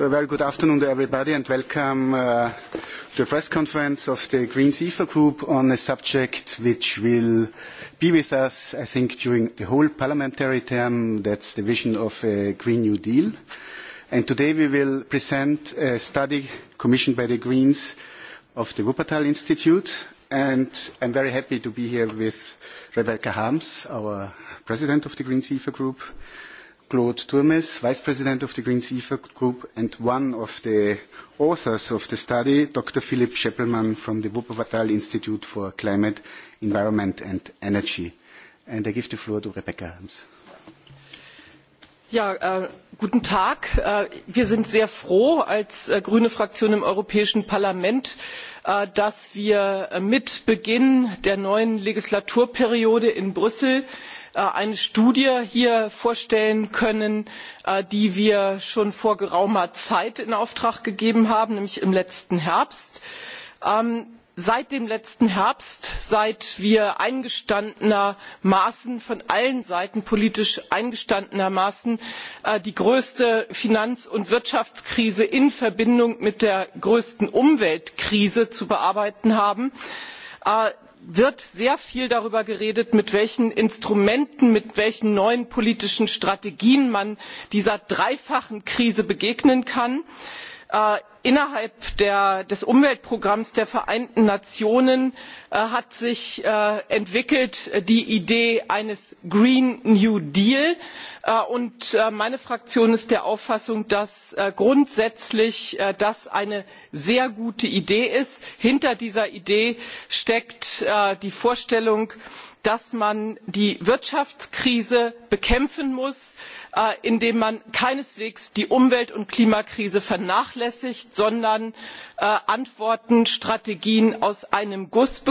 Very good afternoon to everybody, and welcome uh, to the press conference of the Greensifa e Group on a subject which will be with us, I think, during the whole parliamentary term. That's the vision of a Green New Deal. Today we will present a study commissioned by the Greens of the Wuppertal Institute. I'm very happy to be here with Rebecca Harms, our President of the Greensifa e Group, Claude Turmes, Vice President of the Green Sea Group and one of the authors of the study, Dr. Philip Scheppelmann from the Wuppertal Institute for Climate, Environment and Energy. And I give the floor to Rebecca Hams. Ja, äh, guten Tag. Äh, wir sind sehr froh als äh, grüne Fraktion im Europäischen Parlament, äh, dass wir äh, mit Beginn der neuen Legislaturperiode in Brüssel äh, Äh, eine studie hier vorstellen können äh, die wir schon vor geraumer zeit in auftrag gegeben haben nämlich im letzten herbst. Ähm, seit dem letzten herbst seit wir von allen seiten politisch eingestandenermaßen äh, die größte finanz und wirtschaftskrise in verbindung mit der größten umweltkrise zu bearbeiten haben wird sehr viel darüber geredet mit welchen instrumenten mit welchen neuen politischen strategien man dieser dreifachen krise begegnen kann. Äh, innerhalb des umweltprogramms der vereinten nationen äh, hat sich äh, die idee eines green new deal entwickelt und meine fraktion ist der auffassung dass das grundsätzlich eine sehr gute idee ist. hinter dieser idee steckt die vorstellung dass man die wirtschaftskrise bekämpfen muss äh, indem man keineswegs die umwelt und klimakrise vernachlässigt sondern äh, antworten strategien aus einem guss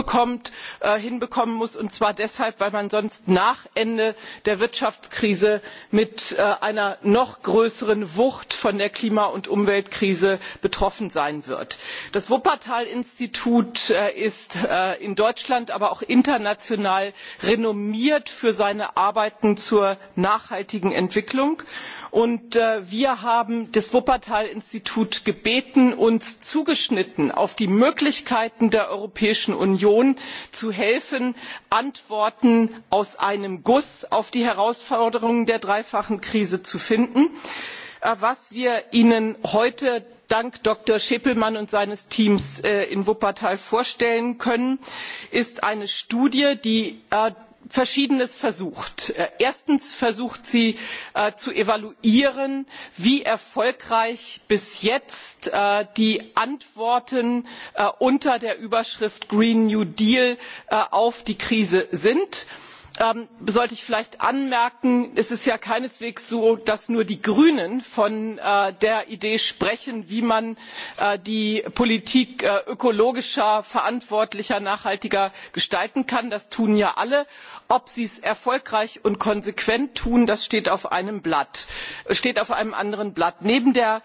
äh, hinbekommen muss und zwar deshalb weil man sonst nach ende der wirtschaftskrise mit einer noch größeren wucht von der klima und umweltkrise betroffen sein wird. das wuppertal institut ist in deutschland aber auch international renommiert für seine arbeiten zur nachhaltigen entwicklung und äh, wir haben das wuppertal institut gebeten uns zugeschnitten auf die möglichkeiten der europäischen union zu helfen antworten aus einem guss auf die herausforderungen der dreifachen krise zu finden. Äh, was wir ihnen heute dank dr. schippelmann und seines teams äh, in wuppertal vorstellen können ist eine studie die äh, verschiedenes versucht. erstens versucht sie zu evaluieren wie erfolgreich bis jetzt die antworten unter der überschrift green new deal auf die krise sind. Ähm, sollte ich vielleicht anmerken es ist ja keineswegs so dass nur die grünen von äh, der idee sprechen wie man äh, die politik äh, ökologischer verantwortlicher nachhaltiger gestalten kann das tun ja alle. ob sie es erfolgreich und konsequent tun das steht auf einem blatt steht auf einem anderen blatt. neben der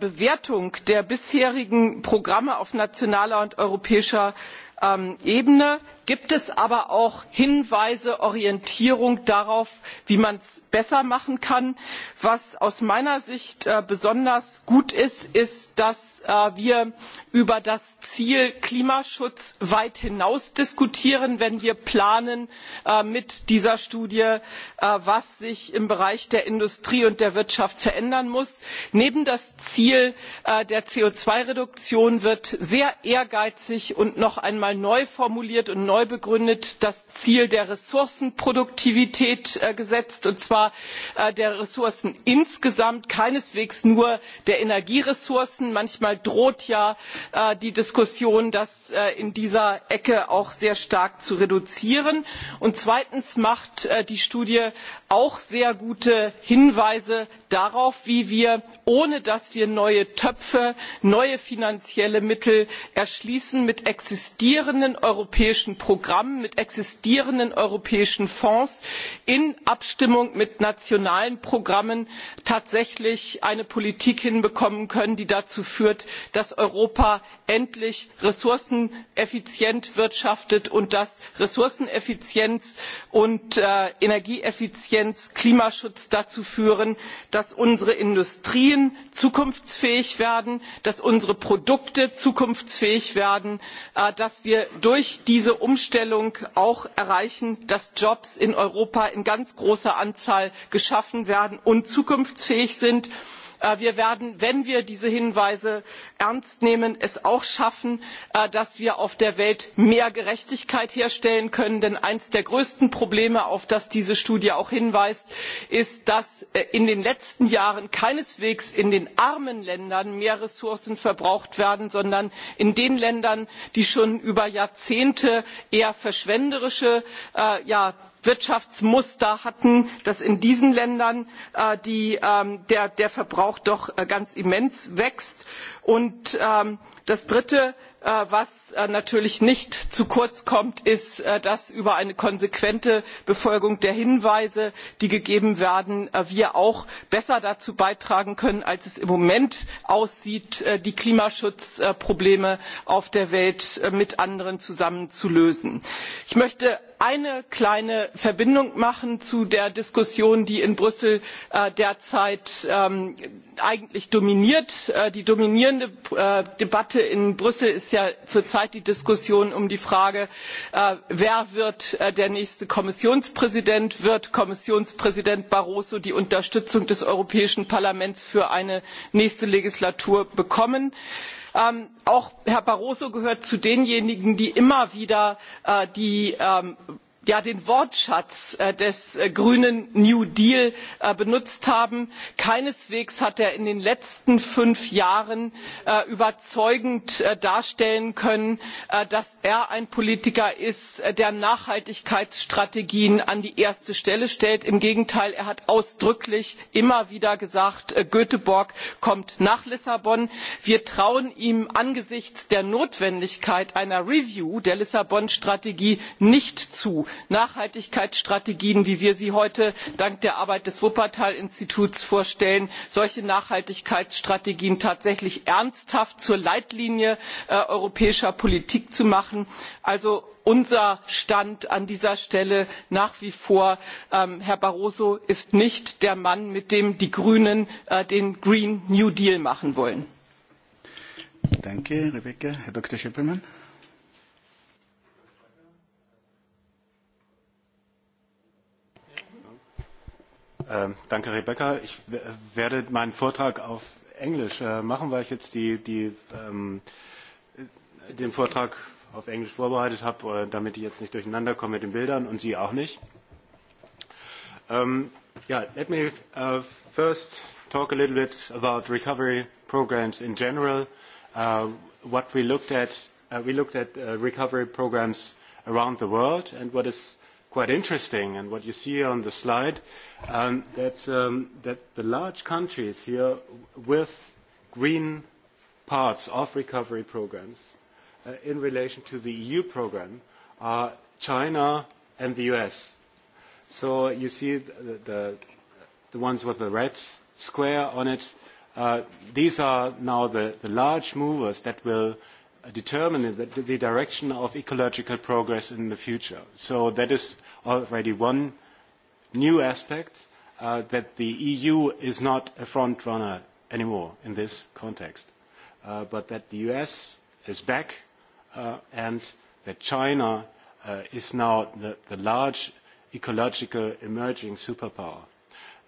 bewertung der bisherigen programme auf nationaler und europäischer Ähm, ebene gibt es aber auch hinweise orientierung darauf wie man es besser machen kann. was aus meiner sicht äh, besonders gut ist ist dass äh, wir über das ziel klimaschutz weit hinaus diskutieren wenn wir äh, mit dieser studie planen was sich im bereich der industrie und der wirtschaft verändern muss. neben das ziel der co zwei reduktion wird sehr ehrgeizig und noch einmal neu formuliert und neu begründet das ziel der ressourcenproduktivität äh, gesetzt und zwar äh, der ressourcen insgesamt keineswegs nur der energieressourcen. manchmal droht ja äh, die diskussion das in dieser ecke auch sehr stark zu reduzieren. und zweitens macht die studie auch sehr gute hinweise darauf wie wir ohne dass wir neue töpfe neue finanzielle mittel erschließen mit existierenden existierenden europäischen programmen mit existierenden europäischen fonds in abstimmung mit nationalen programmen tatsächlich eine politik hinbekommen können die dazu führt dass europa endlich ressourceneffizient wirtschaftet und dass ressourceneffizienz und äh, energieeffizienz klimaschutz dazu führen dass unsere industrien zukunftsfähig werden dass unsere produkte zukunftsfähig werden äh, dass wir durch diese umstellung auch erreichen dass jobs in europa in ganz großer anzahl geschaffen werden und zukunftsfähig sind. Äh, wir werden wenn wir diese hinweise ernst nehmen es auch schaffen äh, dass wir auf der welt mehr gerechtigkeit herstellen können denn eines der größten probleme auf das diese studie auch hinweist ist dass äh, in den letzten jahren keineswegs in den armen ländern mehr ressourcen verbraucht werden sondern in den ländern die schon über jahrzehnte eher verschwenderische ja wirtschaftsmuster hatten dass in diesen ländern äh, ähm, der verbrauch doch äh, ganz immens wächst. Ähm, das dritte äh, was natürlich nicht zu kurz kommt ist dass über eine konsequente befolgung der hinweise die gegeben werden wir auch besser dazu beitragen können als es im moment aussieht die klimaschutzprobleme auf der welt mit anderen zusammen zu lösen. ich möchte eine kleine verbindung machen zu der diskussion die in brüssel äh, derzeit ähm, eigentlich dominiert. Äh, die dominierende äh, debatte in brüssel ist ja zurzeit die diskussion um die frage wer wird der nächste kommissionspräsident? wird kommissionspräsident barroso die unterstützung des europäischen parlaments für eine nächste legislatur bekommen? Ähm, auch herr barroso gehört zu denjenigen die immer wieder äh, die ähm, Ja, den wortschatz äh, des äh, grünen new deal äh, benutzt haben. keineswegs hat er in den letzten fünf jahren überzeugend darstellen können dass er ein politiker ist der nachhaltigkeitsstrategien an die erste stelle stellt. im gegenteil er hat ausdrücklich immer wieder gesagt göteborg kommt nach lissabon. wir trauen ihm angesichts der notwendigkeit einer review der lissabon strategie nicht nachhaltigkeitsstrategien wie wir sie heute dank der arbeit des wuppertal instituts vorstellen solche nachhaltigkeitsstrategien tatsächlich ernsthaft zur leitlinie äh, europäischer politik zu machen. also unser stand an dieser stelle nach wie vor ähm, herr barroso ist nicht der mann mit dem die grünen äh, den green new deal machen wollen. Ähm, danke, Rebecca. Ich werde meinen Vortrag auf Englisch äh, machen, weil ich jetzt die, die, ähm, den Vortrag auf Englisch vorbereitet habe, äh, damit ich jetzt nicht durcheinander komme mit den Bildern und Sie auch nicht. Um, ähm, yeah, ja, let me uh, first talk a little bit about recovery programs in general. Uh, what we looked at, uh, we looked at uh, recovery programs around the world and what is quite interesting. And what you see on the slide, um, that, um, that the large countries here with green parts of recovery programs uh, in relation to the EU program are China and the US. So you see the, the, the ones with the red square on it. Uh, these are now the, the large movers that will determine the, the direction of ecological progress in the future. So that is already one new aspect uh, that the EU is not a front runner anymore in this context, uh, but that the US is back uh, and that China uh, is now the, the large ecological emerging superpower.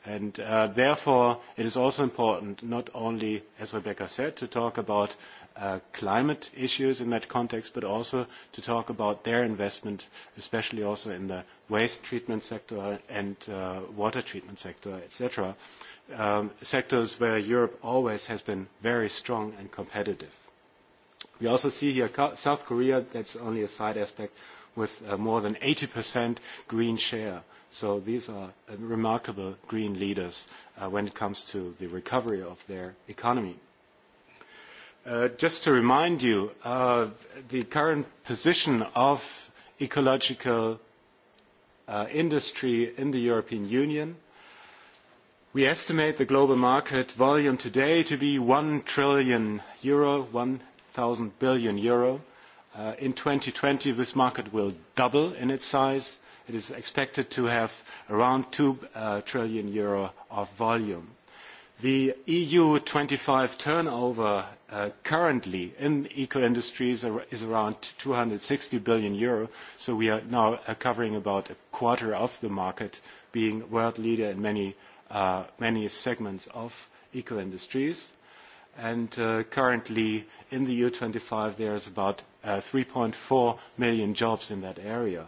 And uh, therefore, it is also important not only, as Rebecca said, to talk about Uh, climate issues in that context, but also to talk about their investment, especially also in the waste treatment sector and uh, water treatment sector, etc. Um, sectors where Europe always has been very strong and competitive. We also see here South Korea, that's only a side aspect, with uh, more than 80% green share. So these are uh, remarkable green leaders uh, when it comes to the recovery of their economy. Uh, just to remind you, uh, the current position of ecological uh, industry in the European Union, we estimate the global market volume today to be 1 trillion euro, 1,000 billion euro. Uh, in 2020, this market will double in its size. It is expected to have around 2 uh, trillion euro of volume. The EU 25 turnover Uh, currently in eco industries is around 260 billion euro. So we are now uh, covering about a quarter of the market, being world leader in many, uh, many segments of eco industries. And currently, in the year 2025, there's about 3.4 million jobs in that area.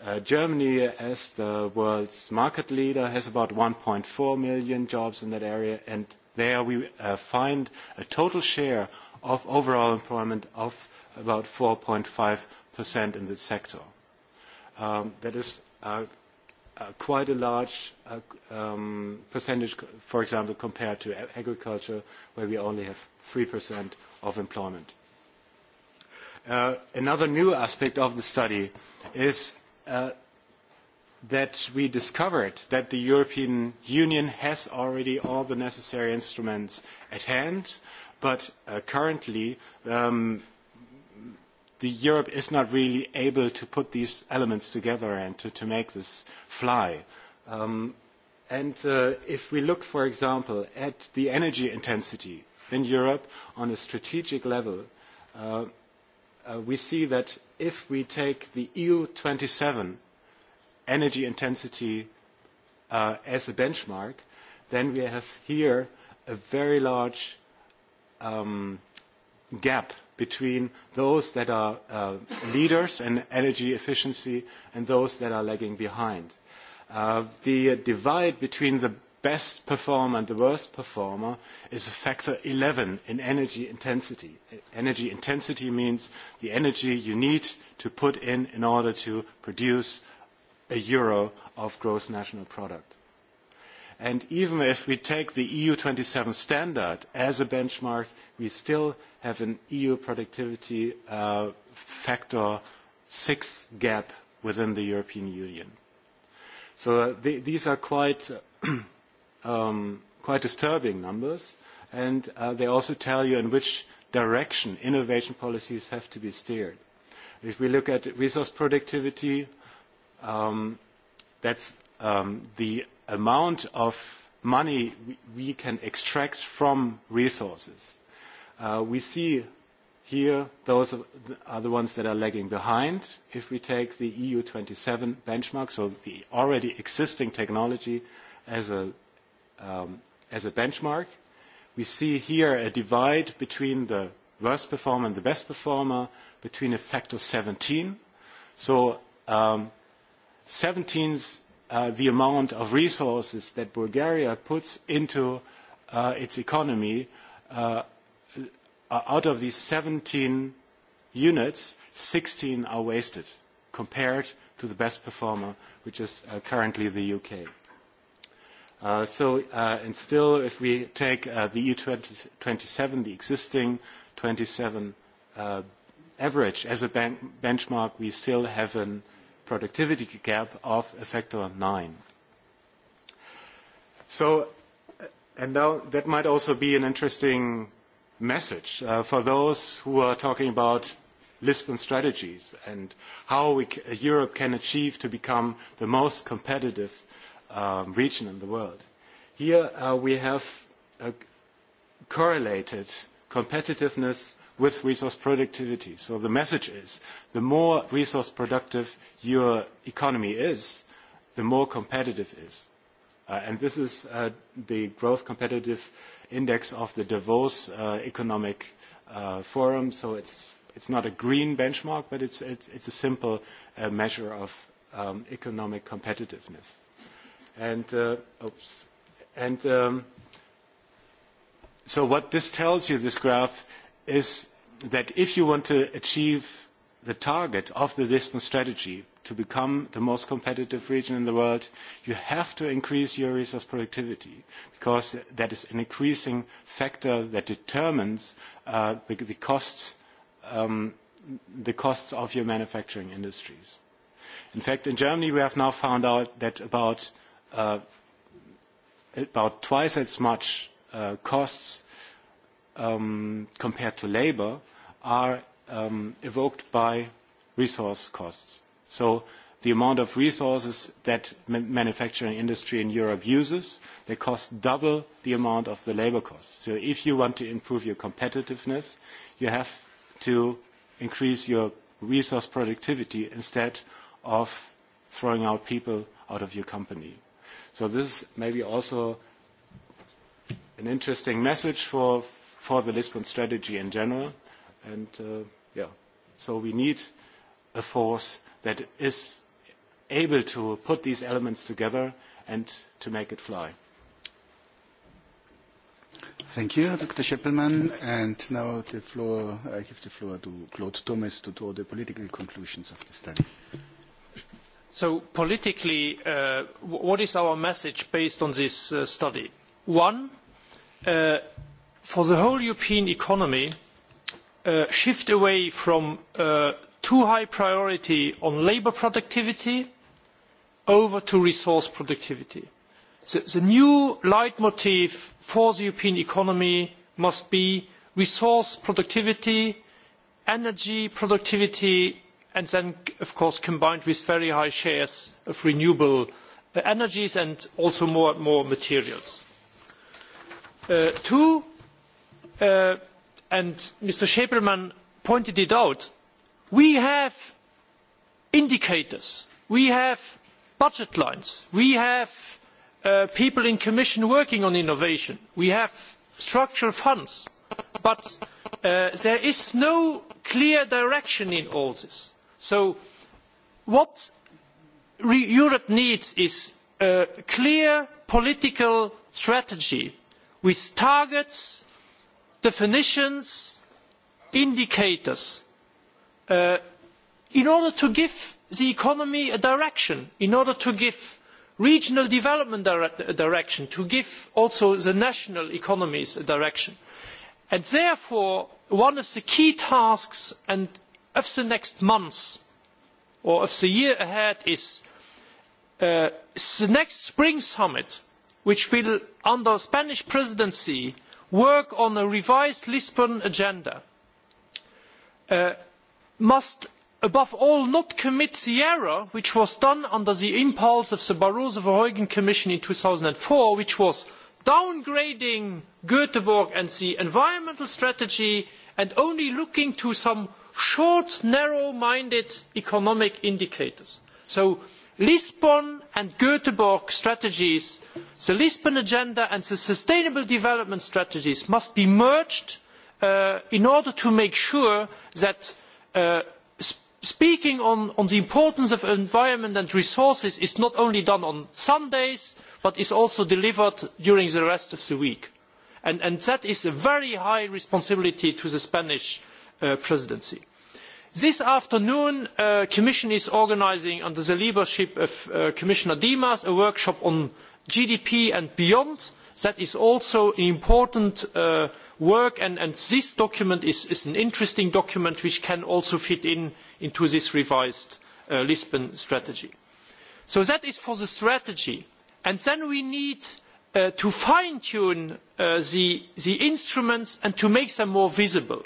Uh, Germany, as the world's market leader, has about 1.4 million jobs in that area, and there we uh, find a total share of overall employment of about 4.5% in this sector. Um, that is uh, quite a large um, percentage, for example, compared to agriculture, where we only have 3% of employment. Another new aspect of the study is Uh, that we discovered that the European Union has already all the necessary instruments at hand, but uh, currently um, the Europe is not really able to put these elements together and to, to make this fly. Um, and uh, if we look, for example, at the energy intensity in Europe on a strategic level, uh, Uh, we see that if we take the EU27 energy intensity uh, as a benchmark, then we have here a very large um, gap between those that are uh, leaders in energy efficiency and those that are lagging behind. Uh, the divide between the best performer and the worst performer is a factor 11 in energy intensity. Energy intensity means the energy you need to put in in order to produce a euro of gross national product. And even if we take the EU27 standard as a benchmark, we still have an EU productivity uh, factor 6 gap within the European Union. So uh, th these are quite... Uh, um, quite disturbing numbers, and uh, they also tell you in which direction innovation policies have to be steered. If we look at resource productivity, um, that's um, the amount of money we can extract from resources. Uh, we see here those are the ones that are lagging behind. If we take the EU27 benchmark, so the already existing technology as a Um, as a benchmark. We see here a divide between the worst performer and the best performer between a factor of 17. So 17's um, uh, the amount of resources that Bulgaria puts into uh, its economy. Uh, out of these 17 units, 16 are wasted compared to the best performer, which is currently the U.K. Uh, so uh, and still if we take uh, the E27, the existing 27 uh, average as a ben benchmark, we still have a productivity gap of a factor of 9. So, uh, and now that might also be an interesting message uh, for those who are talking about Lisbon strategies and how we c uh, Europe can achieve to become the most competitive um, region in the world. Here uh, we have a correlated competitiveness with resource productivity. So the message is the more resource productive your economy is, the more competitive it is. Uh, and this is uh, the growth competitive index of the Davos uh, Economic uh, Forum. So it's, it's not a green benchmark, but it's, it's, it's a simple uh, measure of um, economic competitiveness. And, uh, oops. And um, so what this tells you, this graph, is that if you want to achieve the target of the Lisbon strategy to become the most competitive region in the world, you have to increase your resource productivity because that is an increasing factor that determines uh, the, the, costs, um, the costs of your manufacturing industries. In fact, in Germany, we have now found out that about Uh, about twice as much uh, costs um, compared to labor are um, evoked by resource costs. So the amount of resources that ma manufacturing industry in Europe uses, they cost double the amount of the labor costs. So if you want to improve your competitiveness, you have to increase your resource productivity instead of throwing out people out of your company. So this is maybe also an interesting message for for the Lisbon strategy in general. And uh, yeah, so we need a force that is able to put these elements together and to make it fly. Thank you, Dr. Scheppelmann. And now the floor, I give the floor to Claude Thomas to draw the political conclusions of the study. So politically, uh, what is our message based on this uh, study? One, uh, for the whole European economy, uh, shift away from uh, too high priority on labor productivity over to resource productivity. So the new leitmotif for the European economy must be resource productivity, energy productivity and then, of course, combined with very high shares of renewable uh, energies and also more and more materials. Uh, two, uh, and Mr. Schäpelmann pointed it out, we have indicators, we have budget lines, we have uh, people in commission working on innovation, we have structural funds, but uh, there is no clear direction in all this. Uh, So what re Europe needs is a clear political strategy with targets, definitions, indicators uh, in order to give the economy a direction, in order to give regional development a direction, to give also the national economies a direction. And therefore, one of the key tasks and of the next months or of the year ahead is uh, the next spring summit, which will, under Spanish presidency, work on a revised Lisbon agenda, uh, must above all not commit the error which was done under the impulse of the Barroso Verheugen Commission in 2004, which was downgrading Göteborg and the environmental strategy and only looking to some short narrow minded economic indicators. so the lisbon and gteborg strategies the lisbon agenda and the sustainable development strategies must be merged uh, in order to make sure that uh, speaking on the importance of environment and resources is not only done on sundays but is also delivered during the rest of the week and, and that is a very high responsibility to the Spanish uh, presidency. This afternoon, the uh, Commission is organizing, under the leadership of uh, Commissioner Dimas, a workshop on GDP and beyond. That is also an important uh, work, and, and this document is, is an interesting document which can also fit in into this revised uh, Lisbon strategy. So that is for the strategy. And then we need uh, to fine tune uh, the, the instruments and to make them more visible.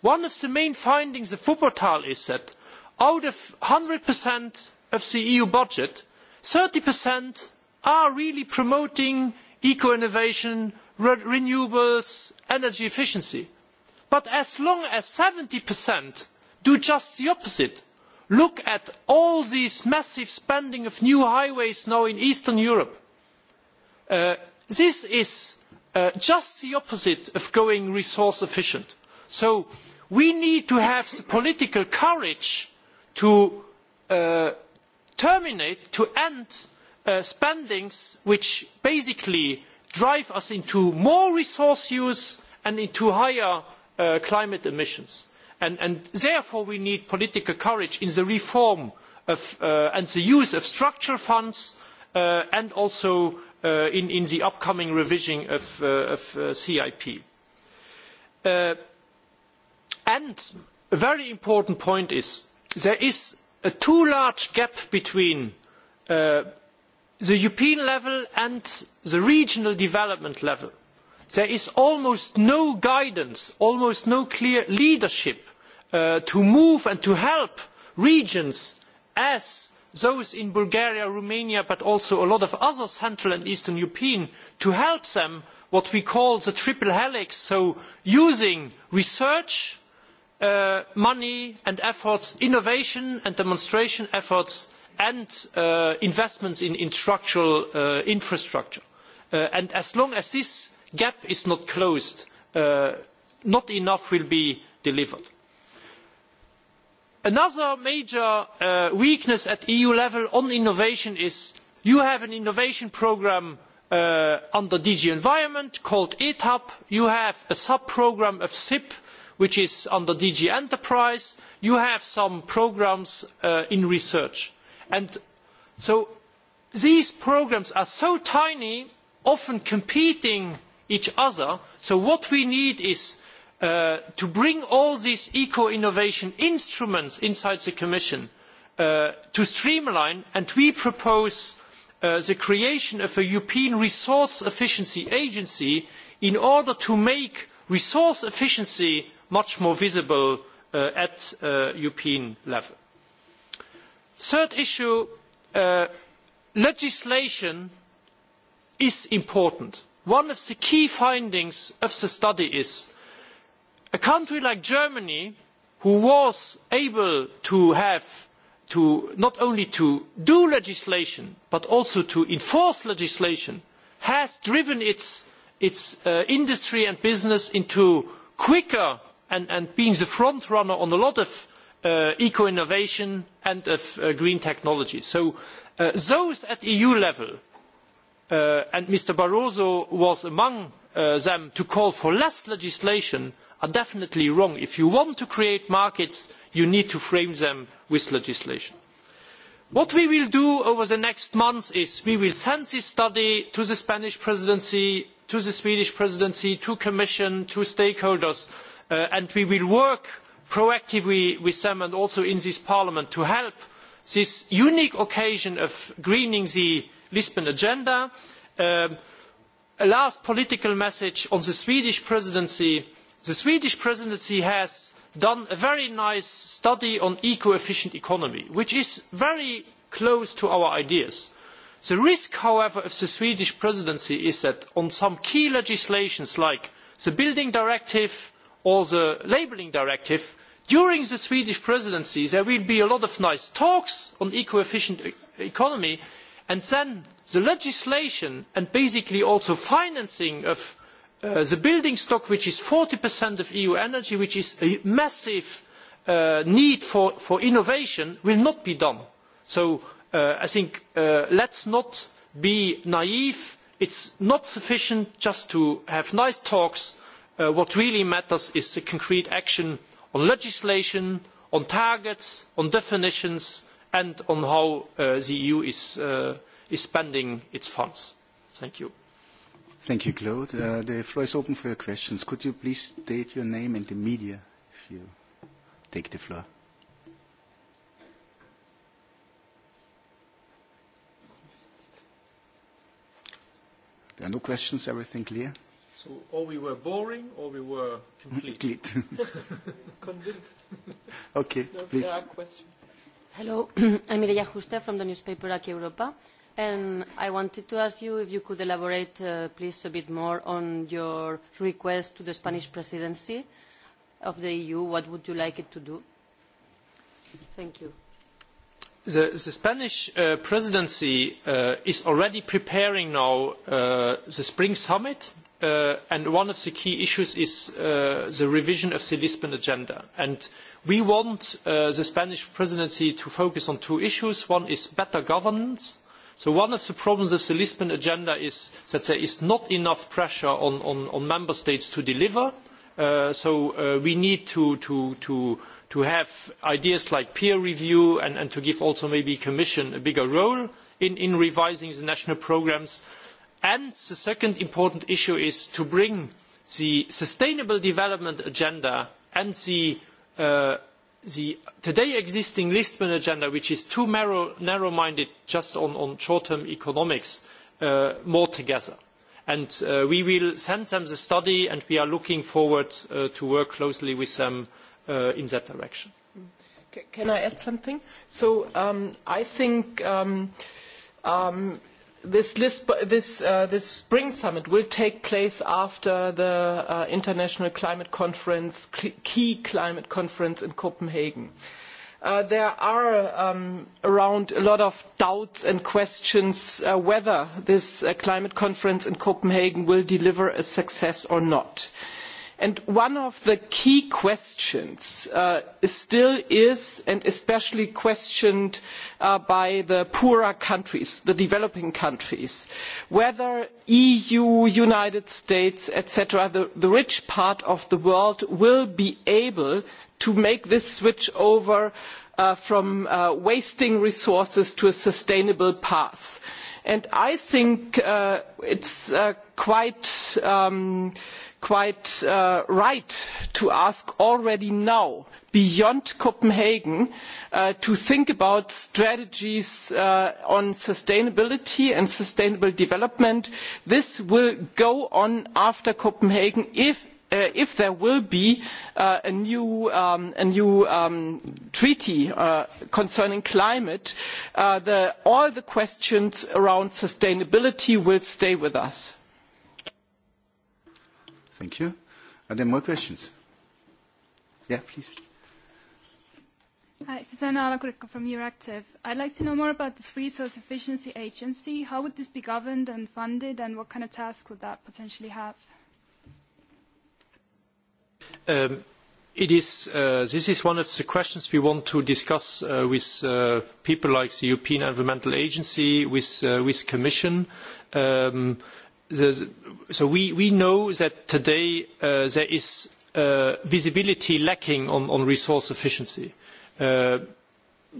One of the main findings of Fuppertal is that out of 100% of the EU budget, 30% are really promoting eco innovation, re- renewables, energy efficiency. But as long as 70% do just the opposite, look at all this massive spending of new highways now in Eastern Europe, Uh, this is uh, just the opposite of going resource efficient. so we need to have the political courage to uh, terminate, to end uh, spendings which basically drive us into more resource use and into higher uh, climate emissions. And, and therefore we need political courage in the reform of, uh, and the use of structural funds uh, and also uh, uh, in, in the upcoming revision of, uh, of uh, CIP. Uh, and a very important point is there is a too large gap between uh, the European level and the regional development level. There is almost no guidance, almost no clear leadership uh, to move and to help regions as those in bulgaria and romania but also a lot of other central and eastern europeans to help them what we call the triple helix so using research uh, money and efforts innovation and demonstration efforts and uh, investments in structural uh, infrastructure. as long as this gap is not closed not enough will be delivered another major uh, weakness at eu level on innovation is that you have an innovation programme uh, under dg environment called etap you have a sub programme of cip which is under dg enterprise and you have some programmes uh, in research. so these programmes are so tiny often competing with each other so what we need Uh, to bring all these eco innovation instruments inside the commission uh, to streamline and we propose uh, the creation of a European resource efficiency agency in order to make resource efficiency much more visible uh, at uh, European level. Third issue, uh, legislation is important. One of the key findings of the study is a country like Germany, who was able to have to not only to do legislation but also to enforce legislation, has driven its, its uh, industry and business into quicker and, and being the front runner on a lot of uh, eco innovation and of uh, green technology. So uh, those at EU level uh, and Mr. Barroso was among uh, them to call for less legislation uh, are definitely wrong. If you want to create markets, you need to frame them with legislation. What we will do over the next months is we will send this study to the Spanish presidency, to the Swedish presidency, to Commission, to stakeholders, uh, and we will work proactively with them and also in this Parliament to help this unique occasion of greening the Lisbon agenda. Um, a last political message on the Swedish presidency the swedish presidency has done a very nice study on eco efficient economy which is very close to our ideas. the risk however of the swedish presidency is that on some key legislation like the building directive or the labelling directive during the swedish presidency there will be a lot of nice talks on eco efficient e- economy and then the legislation and basically also financing of Uh, the building stock, which is 40% of EU energy, which is a massive uh, need for, for innovation, will not be done. So uh, I think uh, let's not be naive. It's not sufficient just to have nice talks. Uh, what really matters is the concrete action on legislation, on targets, on definitions, and on how uh, the EU is, uh, is spending its funds. Thank you. Thank you, Claude. Uh, the floor is open for your questions. Could you please state your name and the media if you take the floor? There are no questions, everything clear? So, or we were boring, or we were complete. Convinced. Okay, no, please. There are questions. Hello, I'm Mireia Justa from the newspaper Aki Europa. Uh, i wanted to ask you if you could elaborate uh, please a bit more on your request to the spanish presidency of the eu what would you like it to do? thank you. the spanish uh, presidency uh, is already preparing now the spring summit and one of the key issues is the revision of the lisbon agenda and we want the spanish presidency to focus on two issues one is better governance So one of the problems of the Lisbon agenda is that there is not enough pressure on, on, on member states to deliver. Uh, so uh, we need to, to, to, to have ideas like peer review and, and to give also maybe Commission a bigger role in, in revising the national programs. And the second important issue is to bring the sustainable development agenda and the uh, the today existing Lisbon agenda, which is too narrow, narrow minded just on, on short term economics, uh, more together. And uh, we will send them the study, and we are looking forward uh, to work closely with them uh, in that direction. Can I add something? So um, I think. Um, um, this, Lisp this, uh, this spring summit will take place after the uh, international climate conference, key climate conference in Copenhagen. Uh, there are um, around a lot of doubts and questions uh, whether this uh, climate conference in Copenhagen will deliver a success or not. Uh, one of the key questions uh, still is and especially questioned uh, by the poorer countries the developing countries whether the eu the united states etc. the rich part of the world will be able to make this switch over uh, from wasting resources to a sustainable path and i think uh, it is uh, quite um, uh, right to ask already now beyond copenhagen to think about strategies on sustainability and sustainable development. this will go on after copenhagen Uh, if there will be uh, a new um, um, treaty uh, concerning climate all the questions around sustainability will stay with us. Thank you. Are there more questions? Yeah, please. Hi, Susanna Alakurika from Euractiv. I'd like to know more about this resource efficiency agency. How would this be governed and funded and what kind of task would that potentially have? um, it is, uh, this is one of the questions we want to discuss uh, with uh, people like the European Environmental Agency, with, uh, with Commission. Um, so we, we know that today uh, there is uh, visibility lacking on, on resource efficiency. Uh,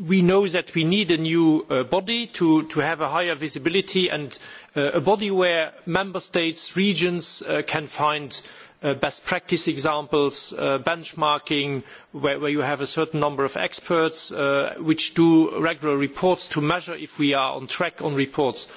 we know that we need a new uh, body to, to have a higher visibility and uh, a body where member states, regions uh, can find uh, Uh, best practice examples, uh, benchmarking, where, where you have a certain number of experts uh, which do regular reports to measure if we are on track on reports.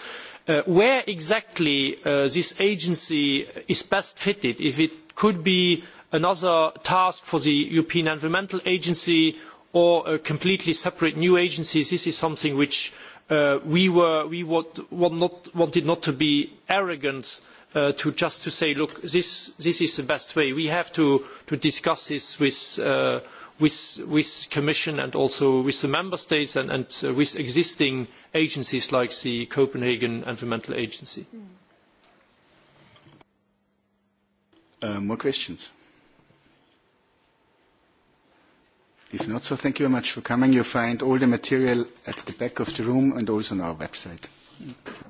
Uh, where exactly uh, this agency is best fitted, if it could be another task for the European Environmental Agency or a completely separate new agency, this is something which uh, we, were, we want, want not, wanted not to be arrogant uh, Uh, to just to say, look, this this is the best way. We have to to discuss this with. Uh, with, with Commission and also with the Member States and, and uh, with existing agencies like the Copenhagen Environmental Agency. Hmm. Uh, more questions? If not, so thank you very much for coming. You'll find all the material at the back of the room and also on our website. Okay.